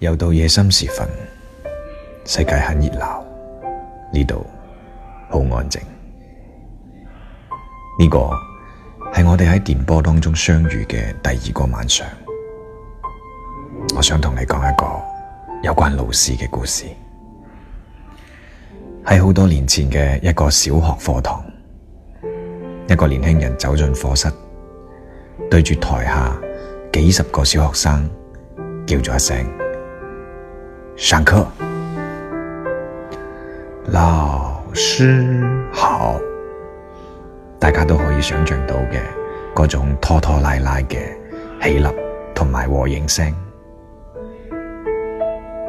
又到夜深時分，世界很熱鬧，呢度好安靜。呢個係我哋喺電波當中相遇嘅第二個晚上。我想同你講一個有關老師嘅故事，喺好多年前嘅一個小學課堂，一個年輕人走進課室，對住台下幾十個小學生叫咗一聲。上課，老師好，大家都可以想象到嘅嗰種拖拖拉拉嘅起立同埋和應聲。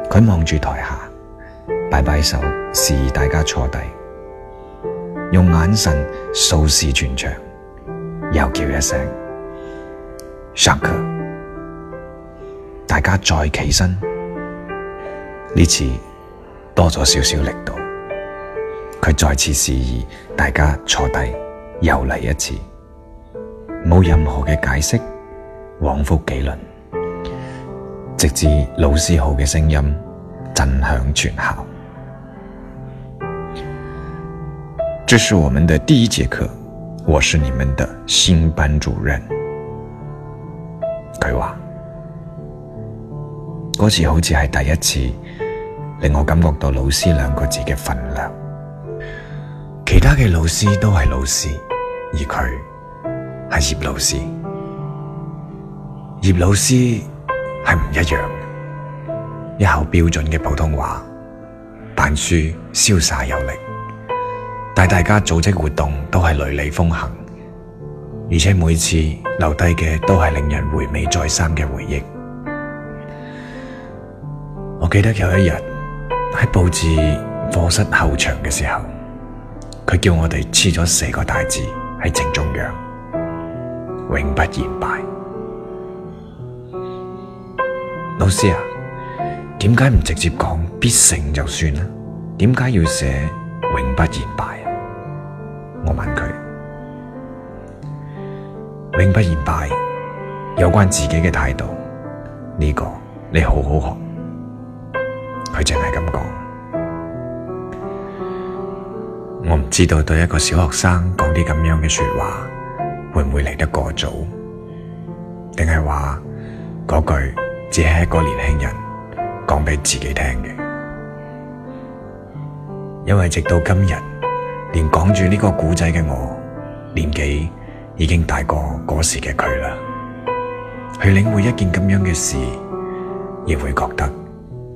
佢望住台下，擺擺手示意大家坐低，用眼神掃視全場，又叫一聲上課，大家再起身。呢次多咗少少力度，佢再次示意大家坐低，又嚟一次，冇任何嘅解釋，往復幾輪，直至老師好嘅聲音震響全校。這是我們的第一節課，我是你們的新班主任。佢話嗰次好似係第一次。令我感覺到老師兩個字嘅分量，其他嘅老師都係老師，而佢係葉老師，葉老師係唔一樣。一口標準嘅普通話，板書瀟灑有力，帶大家組織活動都係雷厲風行，而且每次留低嘅都係令人回味再三嘅回憶。我記得有一日。喺布置課室後牆嘅時候，佢叫我哋黐咗四個大字喺正中央，永不言敗。老師啊，點解唔直接講必勝就算啦？點解要寫永不言敗？我問佢，永不言敗有關自己嘅態度，呢個你好好學。佢淨係咁講，我唔知道對一個小學生講啲咁樣嘅說話，會唔會嚟得過早？定係話嗰句只係一個年輕人講俾自己聽嘅？因為直到今日，連講住呢個古仔嘅我，年紀已經大過嗰時嘅佢啦，去領會一件咁樣嘅事，亦會覺得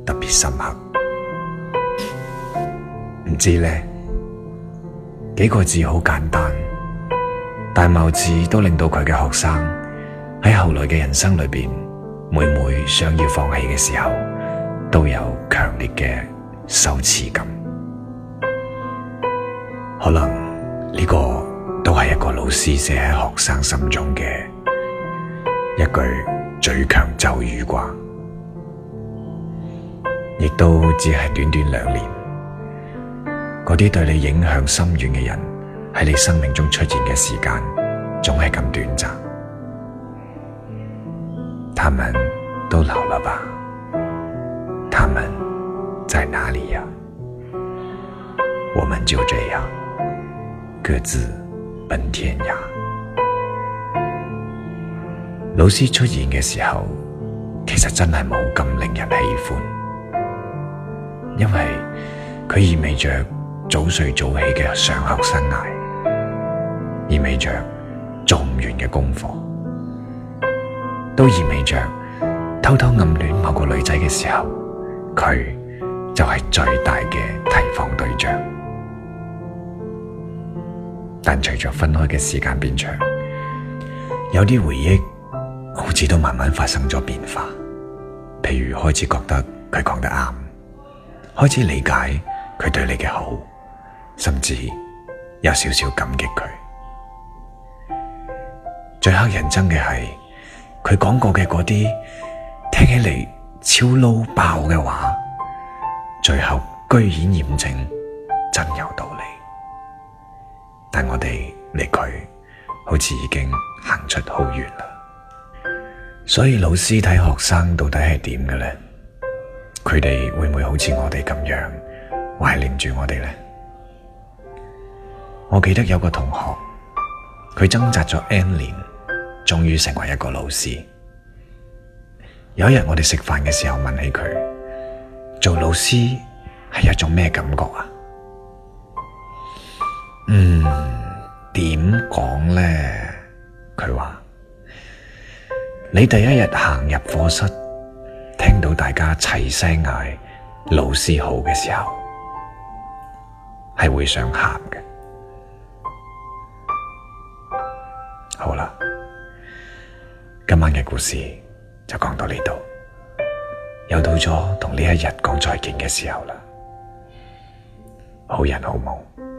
特別深刻，唔知咧，幾個字好簡單，但係貌似都令到佢嘅學生喺後來嘅人生裏邊，每每想要放棄嘅時候，都有強烈嘅羞恥感。可能呢個都係一個老師寫喺學生心中嘅一句最強咒語啩。亦都只係短短兩年，嗰啲對你影響深遠嘅人喺你生命中出現嘅時間，總係咁短暫。他們都老了吧？他們在哪裏呀，啊？我們就這樣各自奔天涯。老師出現嘅時候，其實真係冇咁令人喜歡。因為佢意味着早睡早起嘅上學生涯，意味着做唔完嘅功課，都意味着偷偷暗戀某個女仔嘅時候，佢就係最大嘅提防對象。但隨着分開嘅時間變長，有啲回憶好似都慢慢發生咗變化，譬如開始覺得佢講得啱。開始理解佢對你嘅好，甚至有少少感激佢。最黑人憎嘅係佢講過嘅嗰啲聽起嚟超 LOW 爆嘅話，最後居然驗證真有道理。但我哋離佢好似已經行出好遠啦。所以老師睇學生到底係點嘅咧？佢哋會唔會好似我哋咁樣懷念住我哋呢？我記得有個同學，佢掙扎咗 N 年，終於成為一個老師。有一日我哋食飯嘅時候問起佢，做老師係一種咩感覺啊？嗯，點講呢？佢話，你第一日行入課室，聽到大家齊聲嗌老師好嘅時候，係會想喊嘅。好啦，今晚嘅故事就講到呢度，又到咗同呢一日講再見嘅時候啦。好人好夢。